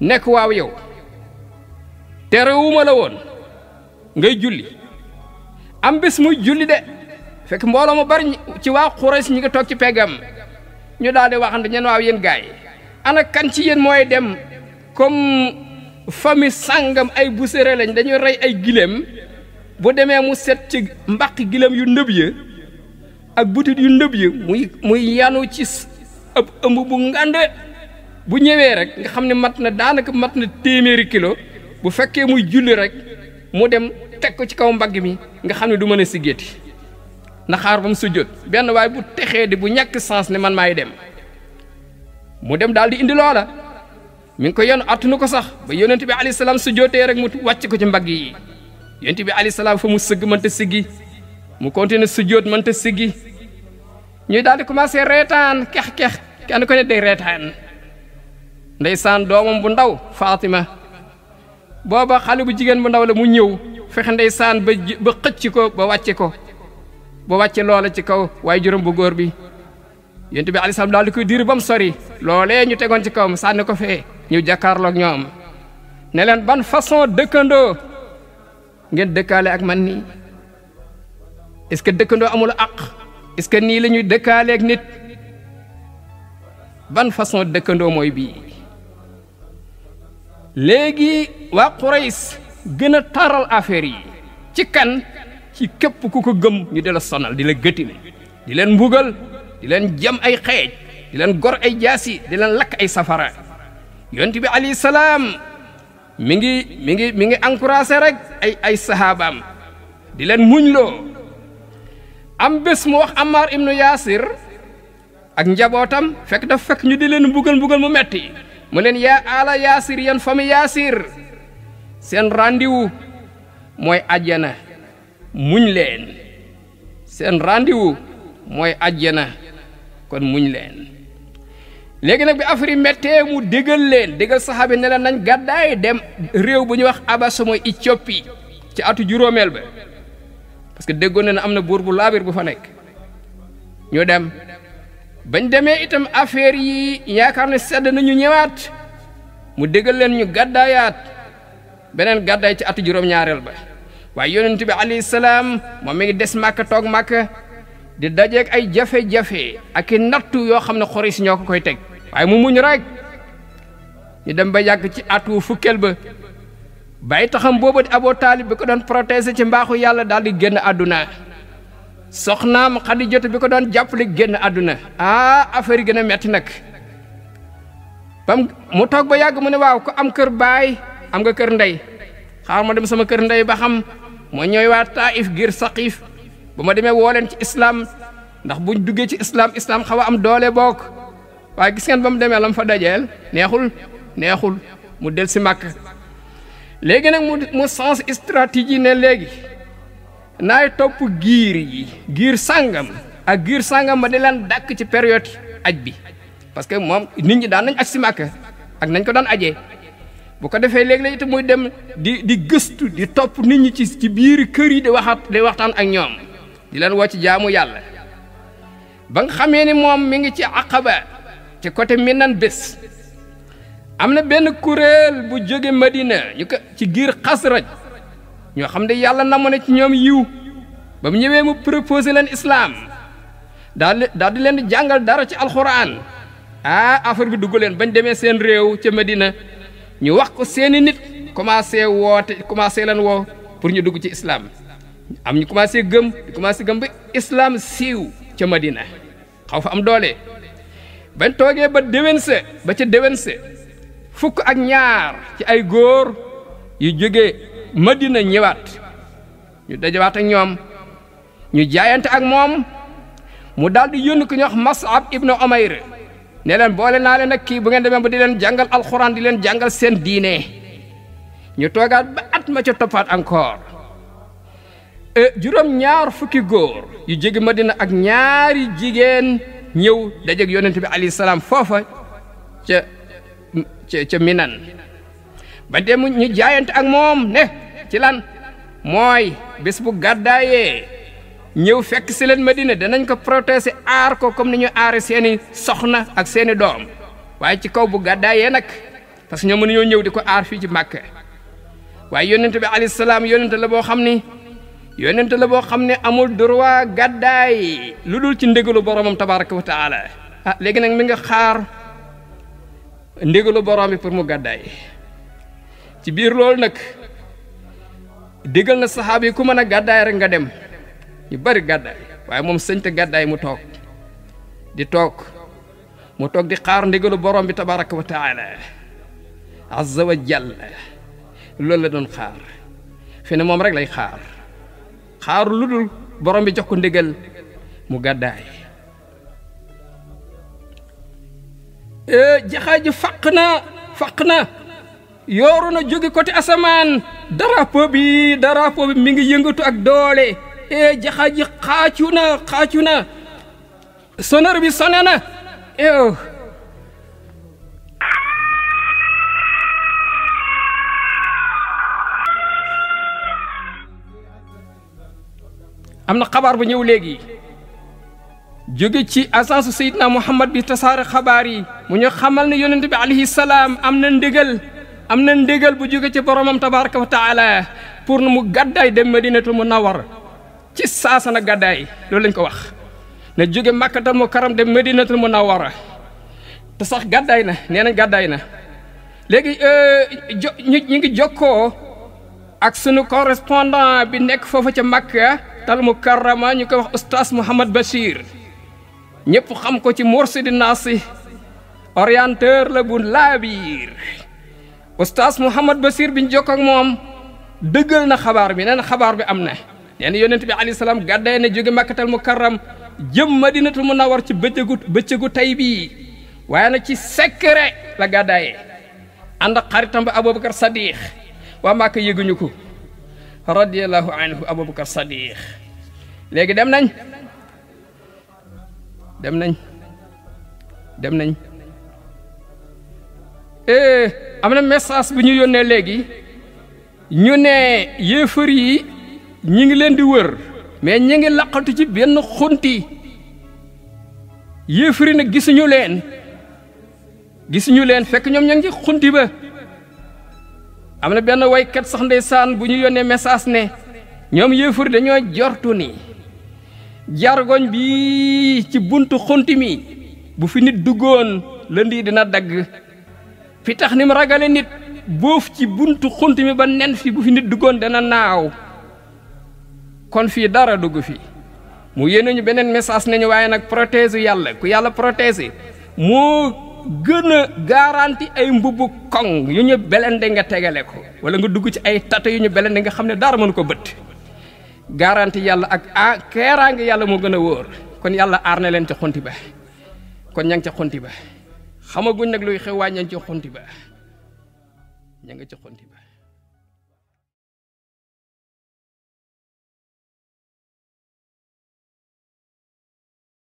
nekk waaw yow terewuma la woon ngay julli am bis muy julli de fekk mbooloo mu bari ci waa Xurays ñi nga toog ci peggam ñu daal di waxante ñeen waaw yéen gaay ana kan ci yéen mooy dem comme famille sàngam ay buséré lañ dañu rey ay giléem bu demee mu set ci mbaq giléem yu nëb ya ak butit yu ndëb ya muy muy yanu ci ab ëmb bu ngande bu ñëwee rek nga xam ne mat na daanaka mat na téeméeri kilo bu fekkee muy julli rek mu dem teg ko ci kaw mbagg mi nga xam ne du mën a siggeeti na xaar ba mu sujjóot benn waaye bu texee di bu ñàkk sens ne man maay dem mu dem daal di indi loola mi ngi ko yenn attunu ko sax ba yonent bi alayhi salaam sujjóotee rek mu wàcc ko ci mbagg yi yonent bi alayhi salaam fa mu sëgg mënta siggi mu continué sujjóot mënta siggi ñuy daal di commencé reetaan kex kex kenn ko ne ndeysaan doomam bu ndaw faatima booba xale bu jigéen bu ndaw le mu ñëw fexe ndeysaan ba ba xëcc ko ba wàcce ko ba wàcce loole ci kaw waaye juróom bu góor bi yonent bi alayhi salaam daal di koy diir ba mu sori loolee ñu tegoon ci kaw kawam sànni ko fee ñu jàkkaarloog ñoom ne leen ban façon dëkkandoo ngeen dëkkaale ak man nii est-ce que dëkkandoo amul àq est-ce que nii la ñuy dëkkaaleeg nit ban façon dëkkandoo mooy bii léegi waa Qurays gën a taral affaire yi ci kan ci képp ku ko gëm ñu di la sonal di la gëtine di leen mbugal di leen jam ay xeej di leen gor ay jaasi di leen lakk ay safara yonent bi alayhi salaam mi ngi mi ngi mi ngi encouragé rek ay ay sahabaam di leen muñloo am bés mu wax Ammar ibnu Yaasir ak njabootam fekk daf fekk ñu di leen mbugal mbugal mu metti mu leen yaa aala yaasir yéen fami yaasir seen randiwu mooy ajjana muñ leen seen randiwu mooy ajjana kon muñ leen léegi nag bi afri méttee mu dégal leen dégal saxaabi ne leen nañ gàddaay dem réew bu ñu wax Abasa mooy Éthiopie ci atu juróomeel ba parce que déggoon na am na buur bu laabir bu fa nekk ñu dem bañ demee itam affaire yi yaakaar ne sedd nañu ñëwaat mu déggal leen ñu gàddaayaat beneen gàddaay ci atu juróom-ñaareel ba waaye yonent bi alayhi salaam moom mi ngi des màkk toog màkk di dajeeg ay jafe-jafe ak i nattu yoo xam ne xoris ñoo ko koy teg waaye mu muñ rek ñu dem ba yàgg ci atu fukkeel ba bàyyi taxam boobu di aboo taalib bi ko doon protéger ci mbaaxu yàlla daal di génn àdduna soxnaam xadi jot bi ko doon jàppale génn àdduna ah affaire yi gën metti nag bam mu toog ba yàgg mu ne waaw ko am kër baay am nga kër ndey xaar ma dem sama kër ndey ba xam moo ñooy waa taif ngir saqiif bu ma demee woo leen ci islaam ndax buñ duggee ci islaam islam xaw a am doole bokk waa gis ngeen ba mu demee lam fa dajeel neexul neexul mu del si màkk léegi nag mu sens stratégie ne léegi naay topp giir yi giir sàngam ak giir sàngam ma di leen dàkk ci période aj bi parce que moom nit ñi daan nañ aj si Màkka ak nañ ko daan ajee bu ko defee léegi léeg itam muy dem di di gëstu di topp nit ñi ci ci biir kër yi di waxaat di waxtaan ak ñoom di leen woo ci jaamu yàlla ba nga xamee ni moom mi ngi ci aqaba ci côté Minan bés am na benn kuréel bu jóge Madina ñu ko ci giir Xasraj ñoo xam ne yàlla namoon na ci ñoom yiw ba mu ñëwee mu proposé leen islaam daal di leen di jàngal dara ci alxuraan ah affaire bi dugg leen bañ demee seen réew ca madina ñu wax ko seeni nit commencé woote commencé leen woo pour ñu dugg ci islaam am ñu commencé gëm di commencé gëm ba islaam siiw ci madina xaw fa am doole bañ toogee ba déwén sa ba ci déwén sa fukk ak ñaar ci ay góor yu jógee. madina ñëwaat ñu dajawaat ak ñoom ñu jaayante ak moom mu daal di yónni ku ñuy wax Mus'ab ibnu Umayr ne leen boole naa leen ak kii bu ngeen demee ba di leen jàngal alxuraan di leen jàngal seen diine ñu toogaat ba at ma ca toppaat e, juróom ñaar fukki góor yu jege Madina ak ñaari jigéen ñëw dajeeg yonent bi alayhi salaam foofa ca ca ca Minan ba dem ñu jaayante ak moom ne ci lan mooy bés bu gàddaayee ñëw fekk si leen Madina danañ ko protéger aar ko comme ni ñu aare seeni soxna ak seeni doom waaye ci kaw bu gàddaayee nag parce que ñoom mënuñoo ñëw di ko aar fii ci Màkka waaye yonente bi alayhi salaam yonente la boo xam ni yonente la boo xam ne amul droit gàddaay lu dul ci ndégalu boromam tabaraka wa taala ah léegi nag mi nga xaar ndégalu borom bi pour mu gàddaay ci biir loolu nag digal na saxaaba ku mën a gàddaay rek nga dem ñu bari gàddaay waaye moom sëñta gàddaay mu toog di toog mu toog di xaar ndigalu borom bi tabaraka wa taala azza jàll jalla loolu la doon xaar fi ne moom rek lay xaar xaar lu dul borom bi jox ko mu gàddaay eh, jaxaa ji faq na faq na yooru na jóge côté asamaan darapo bi darapo bi mi ngi yëngatu ak doole e jaxa ji na xaacu na sonor bi sone na ew am na xabaar bu ñëw léegi jóge ci agence Seydina Muhammad bi tasaare xabaar yi mu ñu xamal ne yonent bi alayhi am na ndigal am na ndigal bu jóge ci boromam tabaraka wa taala pour mu gàddaay dem madinatul munawwar ci saasana gàddaay loolu lañ ko wax na jóge màkkatal mu karam dem madinatul munawwara te sax gàddaay na nee nañ gàddaay na léegi euh, jo ñu ñu ngi jokkoo ak sunu correspondant bi nekk foofu ca Makka tal mu karama ñu koy wax oustaz Mouhamad Bachir ñëpp xam ko ci Mursidin Naasi orienteur la bu laabiir oustaz Mouhamad Basir biñ jokk ak moom dëggal na xabaar bi nee na xabaar bi am na nee na bi alayhi salaam gàddaay na jóge màkkatal mukarram jëm madinatul munawwar ci bëccëgu bëccëgu tay bii waaye na ci secret la gàddaayee ànd ak xaritam ba waa Màkka yëguñu ko radiyallahu anhu Aboubacar Sadiq léegi dem nañ dem nañ dem nañ eh. am na message bu ñu yónnee léegi ñu ne yéefar yi ñi ngi leen di wër mais ñi ngi laqatu ci benn xunti yéefar yi nag gisuñu leen gisuñu leen fekk ñoom ña ngi ci xunti ba am na benn waykat sax ndeysaan bu ñu yónnee message ne ñoom yéefar dañoo jortu ni jargoñ bi ci buntu xunti mi bu fi nit duggoon lënd dina dagg fi tax ni mu ragale nit boof ci buntu xunt mi ba nen fi bu fi nit duggoon dana naaw kon fii dara dugg fi mu yéene ñu beneen message nañu waaye nag protéger yàlla ku yàlla protéger moo gën a garanti ay mbubu koŋ yu ñu belende nga tegale ko wala nga dugg ci ay tata yu ñu belende nga xam ne dara mënu ko bët garanti yàlla ak a keeraange yàlla moo gën a wóor kon yàlla aar na leen ca xunti ba kon ña ngi xunti ba xamaguñ nag luy xew waañ ña ci xunti ba ña nga ci ba